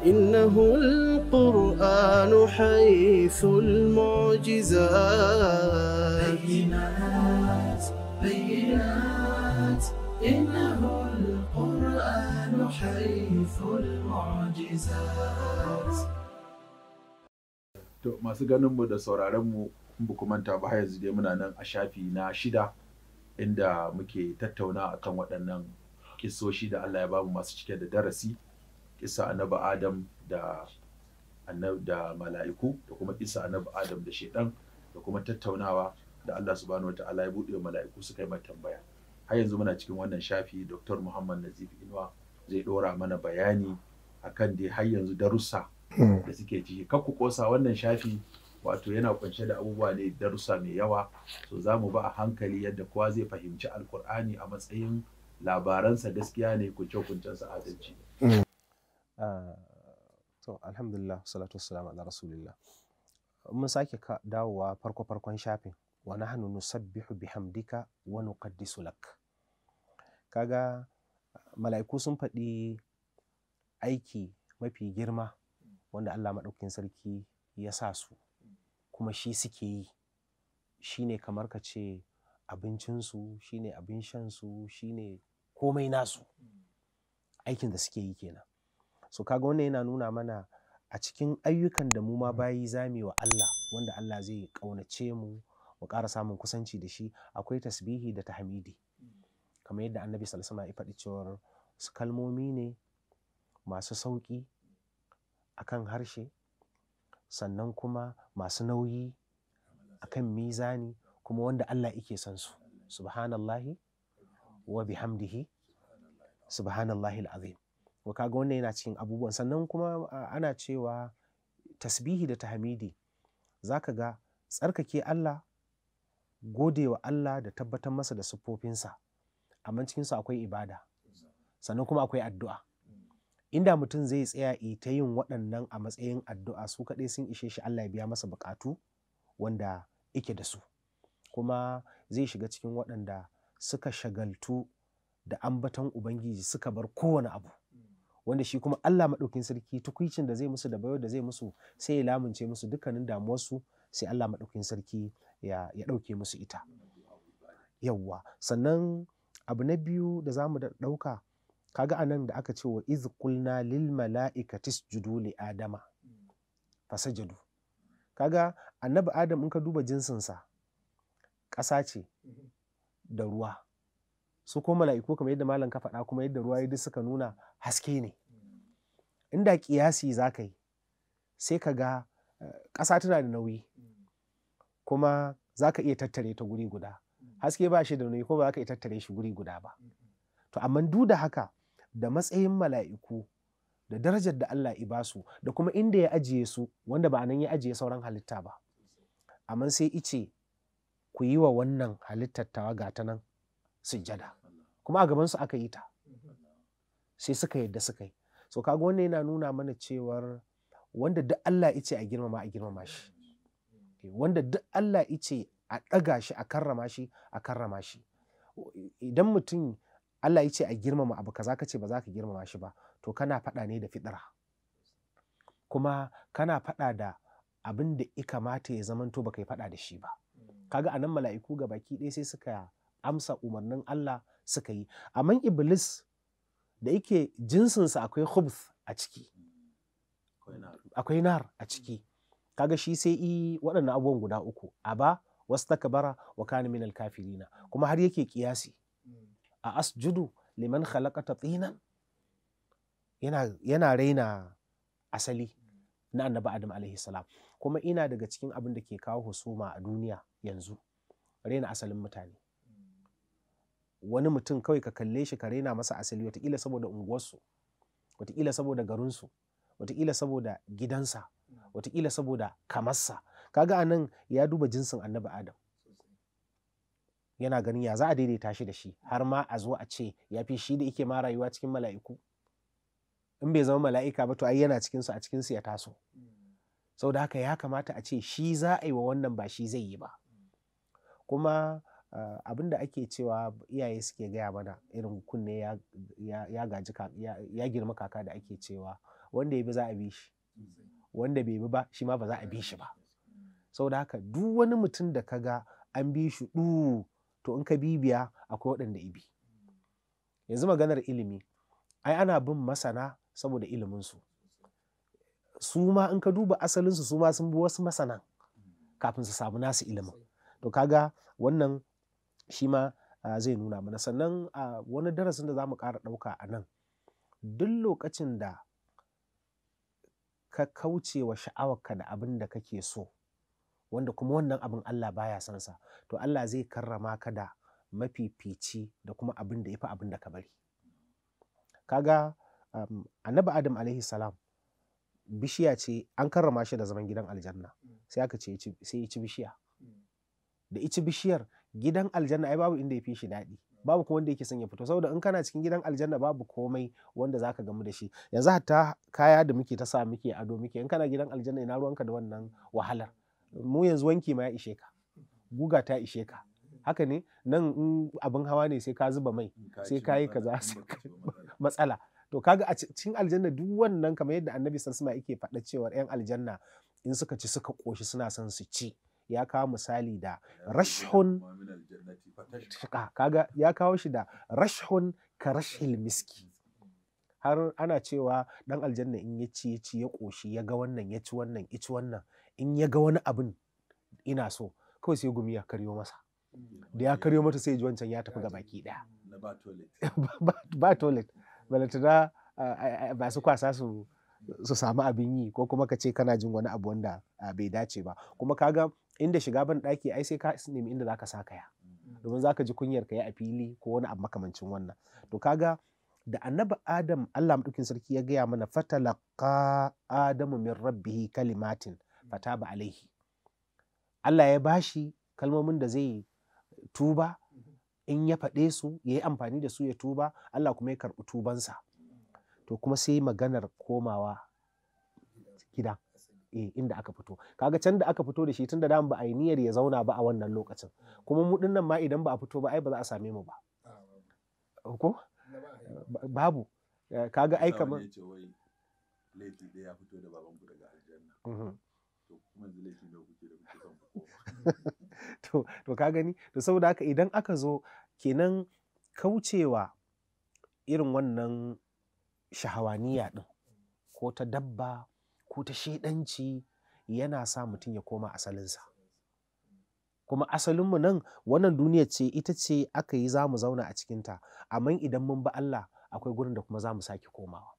إنه القرآن حيث المعجزات بينات بينات إنه القرآن حيث المعجزات To masu ganinmu da sauraronmu in ku manta ba yanzu dai muna nan a shafi na shida inda muke tattauna akan waɗannan kisoshi da Allah ya bamu masu cike da darasi. kisa annabi adam da da mala'iku da kuma kisa annabi adam da shedan da kuma tattaunawa da Allah subhanahu wataala ya buɗe mala'iku suka yi mata tambaya har yanzu muna cikin wannan shafi Dr. Muhammad Nazif Inwa zai ɗora mana bayani akan dai har yanzu darussa hmm. da suke ciki kar ku kosa wannan shafi wato yana kunshe da abubuwa ne darussa mai yawa so za mu ba a hankali yadda kowa zai fahimci alkur'ani a matsayin labaransa gaskiya ne kunce sa adalci Ah, to alhamdulillah salatu wassalamu ala rasulillah mun sake dawowa farko farkon shafin wa nahnu nusabbihu bihamdika wa nuqaddisu lak kaga mala'iku sun faɗi aiki mafi girma wanda Allah maɗaukin sarki ya sa su kuma shi suke yi shine kamar ka ce abincinsu shine abin shan shansu shine komai nasu aikin da suke yi kenan so kaga wannan yana nuna mana a cikin ayyukan da mu ma mm. bayi zami wa Allah wanda Allah zai ƙaunace mu mu ƙara samun kusanci da shi akwai tasbihi da tahmidi mm. kamar yadda annabi sallallahu alaihi faɗi cewar su kalmomi ne masu sauƙi akan harshe sannan kuma masu nauyi akan mizani kuma wanda Allah yake son su subhanallahi wa bihamdihi subhanallahi al'azim wa kaga wannan yana cikin abubuwan sannan kuma ana cewa tasbihi da tahmidi ka ga tsarkake Allah gode wa Allah da tabbatar masa da siffofinsa amma cikinsu akwai ibada sannan kuma akwai addu'a inda mutum zai tsaya ita yin waɗannan a matsayin addu'a su kaɗai sun ishe shi Allah ya biya masa buƙatu wanda ike da su kuma zai shiga cikin waɗanda suka shagaltu da ambaton Ubangiji suka bar kowane abu wanda shi kuma Allah maɗaukin sarki tukwicin da zai musu da bayar da zai musu sai ya lamunce musu dukkanin damuwarsu sai Allah maɗaukin sarki ya ɗauke musu ita yawwa sannan abu na biyu da za mu ɗauka kaga anan da aka ce wa iz kulna lil mala'ikati li adama fasajadu kaga annabi adam in ka duba jinsinsa ƙasa ce mm-hmm. da ruwa su ko mala'iku kamar yadda malam ka faɗa kuma yadda ruwa duk suka nuna haske ne inda kiyasi za ka yi sai ka ga eh, ƙasa tana da nauyi kuma za ka iya tattare ta guri guda haske ba shi da nauyi ko ba za ka iya tattare shi guri guda ba to amma duk da haka da matsayin mala'iku da darajar da Allah i basu da kuma inda ya ajiye su wanda ba nan ya ajiye sauran halitta ba amma sai ice ku yi wa wannan halittar tawaga ta nan sujjada kuma a gabansu aka yi ta sai suka yadda suka yi so kaga wannan yana nuna mana cewar wanda duk Allah ice a girmama a girmama shi eh, wanda duk Allah ice a ɗaga shi a karrama shi a karrama shi idan mutum Allah ya ce a girmama abu kaza ka ce ba za ka girmama shi ba to kana faɗa ne da fitra kuma kana faɗa da abin da ya kamata ya zamanto ba kai faɗa da shi ba kaga anan mala'iku ga baki ɗaya sai suka amsa umarnin Allah suka yi amma iblis da yake jinsinsa akwai khubs a ciki akwai nar a ciki kaga shi sai i waɗannan abubuwan guda uku aba wastakbara wa kana min alkafirina kuma har yake kiyasi a asjudu liman khalaqata tinan yana yana raina asali na annabi adam alaihi salam kuma ina daga cikin abin da ke kawo husuma a duniya yanzu raina asalin mutane wani mutum kawai ka kalle shi ka raina masa asali watakila saboda unguwarsu watakila saboda garinsu watakila saboda gidansa watakila saboda kamarsa kaga a nan ya duba jinsin annabi adam yana ganin ya za a daidaita shi da shi har ma a zo a ce ya fi shi da yake ma rayuwa cikin mala'iku in bai zama mala'ika ba to ai yana cikinsu a cikinsu ya taso sau da haka ya kamata a ce shi za a yi wa wannan ba shi zai yi ba kuma Eh, abin da ake cewa iyaye suke gaya mana irin kunne ya gaji ya girma kaka da ake cewa wanda ya bi za a bi shi wanda bai bi ba shi ma ba za a bi shi ba sau da haka duk wani mutum da ka ga an bi shi du to in ka bibiya akwai waɗanda ibi yanzu maganar ilimi ai ana bin masana saboda iliminsu su ma in ka duba asalinsu su ma sun bi wasu masana kafin su samu nasu ilimin to kaga wannan shi ma ah, zai nuna mana sannan a ah, wani darasin da za mu ƙara ɗauka a nan duk lokacin da ka kauce wa sha'awarka da abin da kake so wanda kuma wannan abin Allah baya son sa to Allah zai karrama ka da mafifici da kuma abin da ya fi abin da ka bari kaga ga um, annabi adam alaihi salam bishiya ce an karrama shi da zaman gidan aljanna mm. sai aka ce sai ya ci bishiya mm. da ici bishiyar gidan aljanna ai babu inda ya fi shi daɗi babu kuma wanda yake son ya fito saboda in kana cikin gidan aljanna babu komai wanda zaka gamu da shi yanzu hatta kaya da muke ta sa muke ado muke in kana gidan aljanna ina ruwanka da wannan wahalar mu yanzu wanki ma ya ishe ka guga ta ishe ka haka ne nan in abin hawa ne sai ka zuba mai sai ka yi kaza matsala to kaga a cikin aljanna duk wannan kamar yadda annabi sallallahu alaihi wasallam yake faɗa cewa yan aljanna in suka ci suka koshi suna son su ci ya kawo misali da rashhun kaga ya kawo shi da rashhun ka miski har ana cewa dan aljanna in ya ci ya ci ya koshi ya ga wannan ya ci wannan ya ci wannan in ya ga wani abin ina so kawai sai gumi ya karyo masa da ya karyo mata sai ji wancan ya tafi ga baki daya ba toilet Ba toilet. balantana ba su kwasa su su samu abin yi ko kuma ka ce kana jin wani abu wanda bai dace ba kuma kaga inda shiga ban ɗaki ai sai ka nemi inda zaka sa kaya mm-hmm. domin zaka ji kunyar ka yi a fili ko wani abu makamancin wannan to kaga da annabi adam Allah madaukin sarki ya gaya mana fatalaqa adamu min rabbihi kalimatin fataba alaihi Allah ya bashi kalmomin da zai tuba mm-hmm. in ya faɗe su ya yi amfani da su ya tuba Allah kuma ya karɓi tubansa mm-hmm. to kuma sai maganar komawa gida Eh, inda aka fito kaga can da aka fito da shi tunda da ba a yi niyyar ya zauna ba a wannan lokacin kuma mu dinnan ma idan ba a fito ba ai ba za a same mu ba ko babu eh, kaga ai kamar laifi ya fito da baban ku daga aljanna to to ka gani to saboda haka idan aka zo kenan kaucewa irin wannan shahawaniya din ko ta dabba ko ta shaidanci yana sa mutum ya koma asalinsa kuma asalinmu nan wannan duniya ce ita ce aka yi za mu zauna a cikinta amma idan mun ba Allah akwai gurin da kuma za mu sake komawa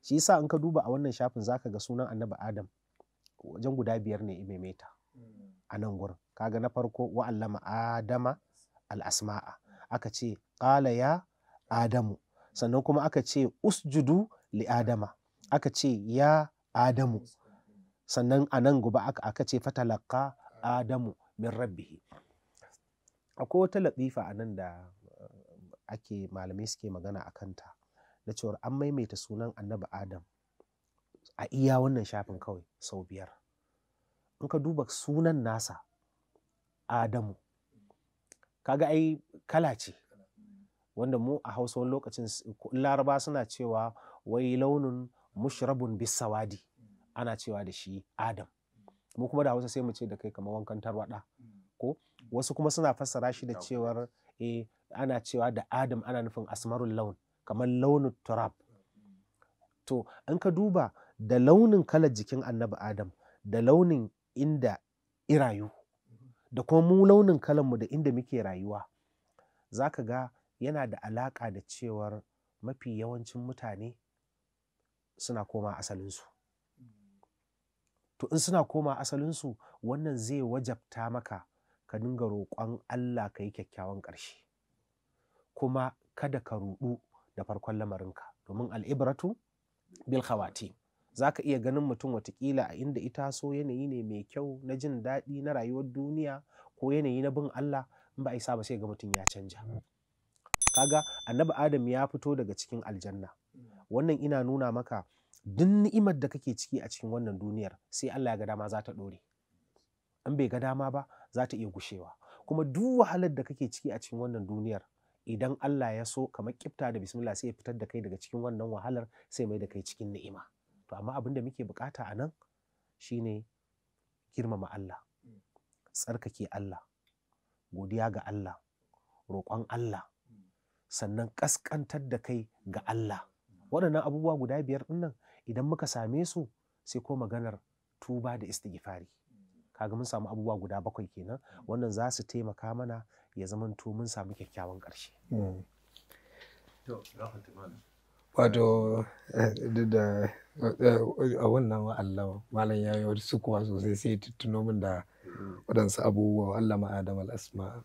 shi yasa in ka duba a wannan shafin zaka ga sunan annabi adam wajen guda biyar ne imemeta a nan gurin kaga na farko wa adama al'asma'a aka ce ƙala ya adamu sannan kuma aka ce usjudu li adama aka ce ya adamu sannan a nan gaba aka ce fatalaka adamu min rabbihi akwai wata latifa a nan da eh, ake malamai suke magana a kanta da cewar an maimaita sunan annabi adam a iya wannan shafin kawai sau biyar in ka duba sunan nasa adamu kaga ai kala ce wanda mu a hausa wani lokacin laraba suna cewa wai launin mushrabun bisawadi ana cewa da shi adam mu kuma da hausa sai mu ce da kai kamar wankan tarwaɗa ko wasu kuma suna fassara shi da cewar eh ana cewa da adam ana nufin asmarul laun kamar launin turab to in ka duba da launin kalar jikin annabi adam da launin inda irayu da kuma mu launin kalanmu da inda muke rayuwa za ka ga yana da alaƙa da cewar mafi yawancin mutane suna koma asalinsu to in suna koma asalinsu wannan zai wajabta maka ka dinga roƙon Allah ka yi kyakkyawan ƙarshe kuma kada ka ruɗu da farkon lamarinka domin al'ibratu bil khawati za ka iya ganin mutum watakila a inda ita so yanayi ne mai kyau na jin daɗi na rayuwar duniya ko yanayi na bin Allah in ba a isa ba sai ga mutum ya canja kaga annabi adam ya fito daga cikin aljanna wannan ina nuna maka duk ni'imar da kake ciki a cikin wannan duniyar sai Allah ya ga dama za ta ɗore An bai ga dama ba za ta iya gushewa kuma duk wahalar da kake ciki a cikin wannan duniyar idan Allah ya so kamar kifta da bismillah sai ya fitar da kai daga cikin wannan wahalar sai mai da kai cikin ni'ima to amma abin da muke bukata a nan shine girmama Allah tsarkake Allah godiya ga Allah roƙon Allah sannan ƙasƙantar da kai ga Allah waɗannan abubuwa guda biyar nan. idan muka same su sai ko maganar tuba da istighfari kaga mun samu abubuwa guda bakwai kenan wannan za su taimaka mana ya zamanto mun samu kyakkyawan ƙarshe hmm. wato eh, da eh, a wannan wa'allawa malam ya yi sukuwa sosai sai tuttuno min da waɗansu abubuwa Allah ma'adam al'asma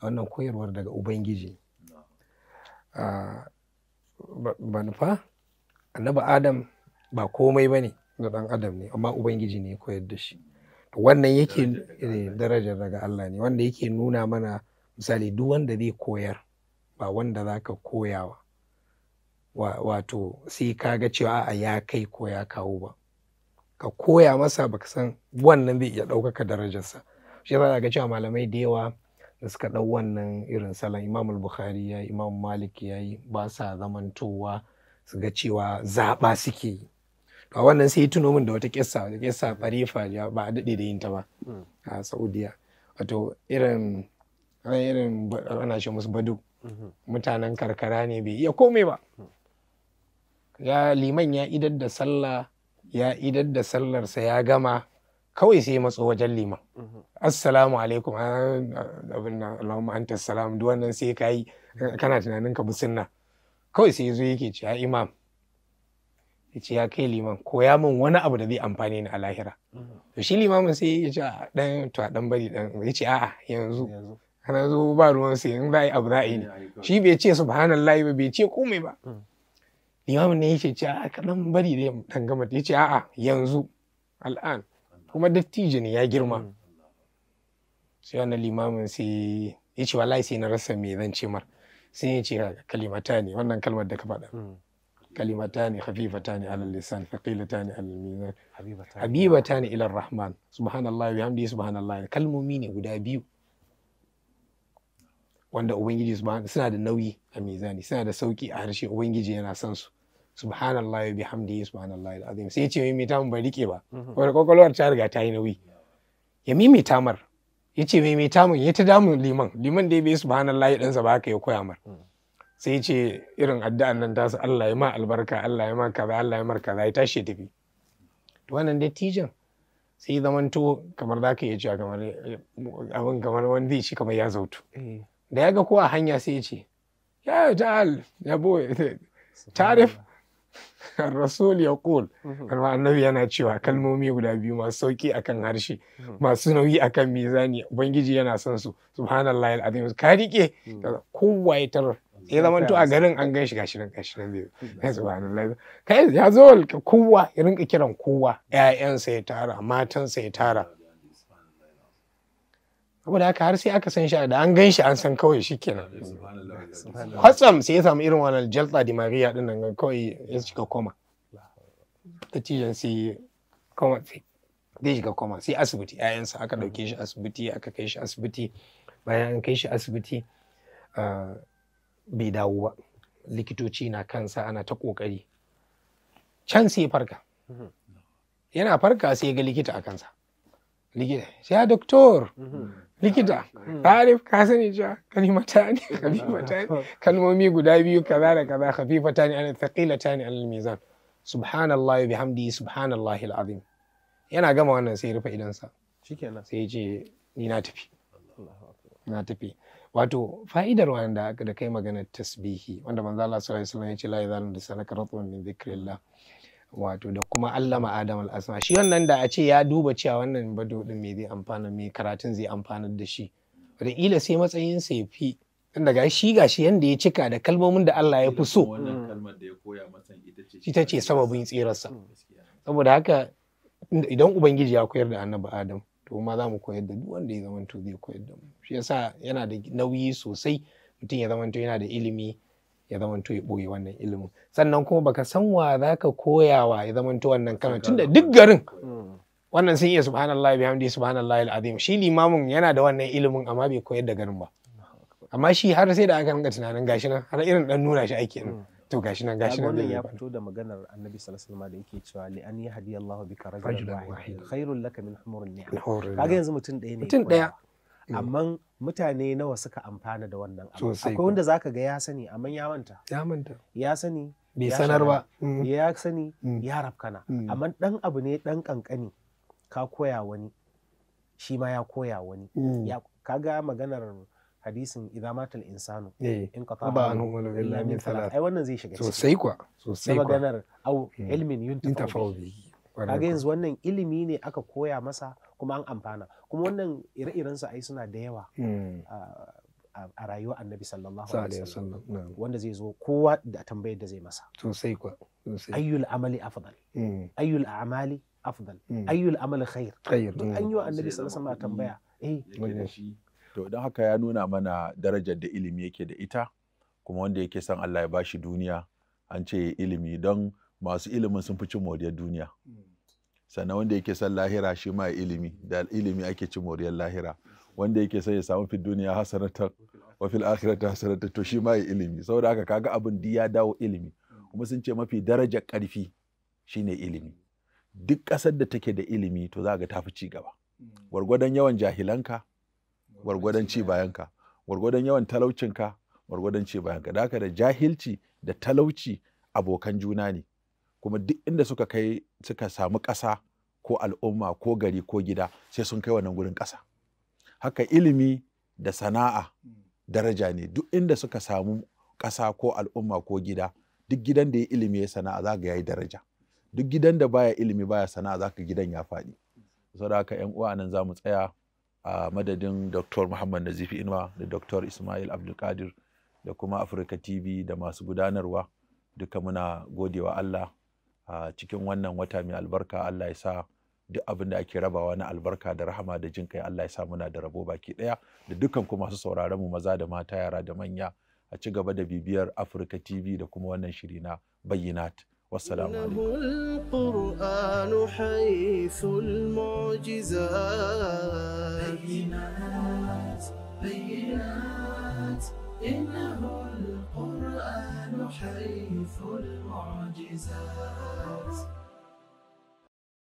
a wannan koyarwar daga ubangiji ah, ba nufa annabi adam ba komai ba ne na ɗan adam ne amma ubangiji ne ya koyar da shi wannan yake eh, daraja daga Allah ne wanda yake nuna mana misali duk wanda zai koyar ba wanda za ka koyawa wato sai ka ga cewa a'a ya kai ko ya kawo ba ka koya masa baka san wannan zai iya ɗaukaka darajarsa shi za ga cewa malamai da yawa da suka ɗau wannan irin salon imam bukhari ya imam malik ya yi ba sa zamantowa su ga cewa zaɓa suke yi a wannan sai tuno min da wata kissa wata kissa farifa ba a daɗe da yin ta ba hmm. a saudiya wato irin irin ana shi musu badu mhm. mutanen karkara ne bai iya komai ba hmm. ya liman ya idar da sallah ya idar da sallarsa ya gama kawai sai matso wajen liman mhm. assalamu alaikum abin nan allahumma anta salam duk wannan sai kai kana tunanin ka bi sunna kawai sai zo yake ce ya imam ya ce ya kai liman koya min wani abu da zai amfani ni a lahira to shi limamin sai ya ce a dan to a dan bari dan ya ce a'a yanzu yanzu ba ruwan sai in za a yi abu za a yi ne shi bai ce subhanallahi ba bai ce komai ba hmm. limamin ne ya ce a ka dan bari da dan gama ya ce a'a yanzu al'an kuma dattijo ne ya girma hmm. sai wannan limamin sai ya ce wallahi sai na rasa me zan ce mar sai ya ce kalimata ne wannan kalmar da ka faɗa hmm. kalimatani khafifatani alal lisan thaqilatani alal mizan habibatani ila rahman subhanallahi bihamdihi subhanallahi kalmomi ne guda biyu wanda ubangiji subhanahu suna da nauyi a mizani suna da sauki a harshe ubangiji yana son su subhanallahi bihamdihi subhanallahi alazim sai ya ce maimaita mun ba rike ba wanda kokolwar ta riga ta yi nauyi ya maimaita mar ya ce maimaita mun ya ta damun liman liman da ya bai subhanallahi dan sa ba haka ya koya mar mm. sai ce irin addu'an nan tasu Allah ya ma albarka Allah ya ma kaza Allah ya ma kaza ya tashi tafi to wannan dattijan sai zamanto kamar za ka iya cewa kamar eh, abin kamar wani zai ci kamar ya zautu eh. da ya ga kowa hanya sai ya ce ya yi ta'al ya boye tarif rasul ya kul amma annabi yana cewa kalmomi guda biyu masu sauki akan harshe mhm. masu nauyi akan mizani ubangiji yana son su subhanallah alazim ka rike mm. kowa ya tarar ya zama to a garin an gan shi gashi nan gashi nan zai subhanallah kai ya zo kowa ya rinka kiran kowa ƴaƴansa ya tara matansa ya tara saboda haka har sai aka san shi da an gan shi an san kawai shi kenan hatsam sai ya samu irin wannan jalta mariya din nan kawai ya shiga koma ta cijan sai koma sai zai shiga koma sai asibiti ƴaƴansa aka ɗauke shi asibiti aka kai shi asibiti bayan an kai shi asibiti ah, bai dawo ba likitoci na kansa ana ta kokari can sai farka mhm. yana farka sai ga likita a kansa likita sai doktor mhm. likita tarif ah, hmm. ka sani cewa kalimata ne khafifata ne kalmomi guda biyu kaza da kaza khafifata ne ana thaqilata ne al mizan subhanallahi bihamdihi subhanallahi alazim yana gama wannan sai rufe sa shikenan sai ya ce ni na tafi na tafi wato fa'idar wanda da kai magana tasbihi wanda manzo Allah sallallahu alaihi wasallam ya ce la yazalu lisanaka ratban min dhikrillah wato da kuma allama adam asma. shi wannan da a ce ya duba cewa wannan bado din me zai amfana me karatun zai amfanar da shi ila sai matsayin sa ya fi tunda ga shi ga yanda ya cika da kalmomin da Allah ya fi so wannan kalmar da ya koya masa ita ce sababin tsirarsa saboda haka idan ubangiji ya koyar da annabi adam to ma za mu koyar da duk wanda ya to zai koyar da mu shi yasa yana da nauyi sosai mutum ya zamanto yana da ilimi ya zamanto ya boye wannan ilimin sannan kuma baka san wa za ka wa ya zamanto wannan Tun tunda duk garin mm. wannan sun iya subhanallah bi hamdi subhanallah alazim shi limamin yana da wannan ilimin amma bai koyar da garin ba amma shi har sai da aka rinka tunanin gashi nan har irin dan nuna shi ake nan to gashi nan gashi nan ya fito da maganar annabi sallallahu alaihi wasallam da yake cewa li an yahdi Allahu bika rajulan wahid khairul laka min humuril ni'am kaga yanzu mutum ɗaya ne mutum ɗaya mm. amma mutane nawa suka amfana da wannan abu akwai wanda zaka ga ya sani amma ya manta ya manta ya sani bai sanar ba mm. ya sani mm. ya rafkana amma dan abu ne dan kankani ka koya wani shi ma ya koya wani kaga maganar hadisin idza matal insanu eh, in qata ba anhu illa min thalath ai wannan zai shiga sosai kwa sosai kwa maganar au hmm. ilmin yuntafa'u bihi kaga yanzu wannan ilimi ne aka koya masa kuma an amfana kuma wannan ire-iren su ai suna da yawa hmm. a rayuwa annabi sallallahu alaihi wasallam wanda zai zo kowa da tambayar da zai masa sosai kwa ayyul amali afdal hmm. ayyul a'mali afdal ayyul amali khair khair an yi wa annabi sallallahu alaihi wasallam tambaya eh to idan haka ya nuna mana darajar da ilimi yake da ita kuma wanda yake son Allah ya bashi duniya an ce ilimi don masu ilimin sun fi cin moriyar duniya sannan wanda yake son lahira shi ma ilimi da ilimi ake cin moriyar lahira wanda yake son ya samu fi duniya hasanatan wa fil akhirati hasanatan to shi ma ilimi saboda haka kaga abin di ya dawo ilimi kuma sun ce mafi darajar karfi shine ilimi duk ƙasar da take da ilimi to za ga ta fi ci gaba gwargwadon yawan jahilanka gwargwadon ci bayanka gwargwadon yawan talaucinka gwargwadon ci bayanka da haka da jahilci da talauci abokan juna ne kuma duk inda suka kai suka samu ƙasa ko al'umma ko gari ko gida sai sun kai wannan gurin ƙasa haka ilimi da sana'a daraja ne duk inda suka samu ƙasa ko al'umma ko gida duk gidan da ya ilimi ya sana'a za ga yi daraja duk gidan da baya ilimi baya sana'a za ka gidan ya faɗi saboda haka 'yan uwa nan za mu tsaya a madadin dr muhammad nazifi Inwa da dr ismail abdulkadir da kuma afirka tv da masu gudanarwa duka muna godewa allah a cikin wannan wata mai albarka allah ya sa duk abin da ake rabawa na albarka da rahama da jin kai allah ya sa muna da rabo baki daya da dukkan ku masu sauraron mu maza da mata yara da manya a ci gaba da bibiyar afirka tv da kuma wannan shiri na bayyinat والسلام عليكم القرآن حيث المعجزات بينات بينات إنه القرآن حيث المعجزات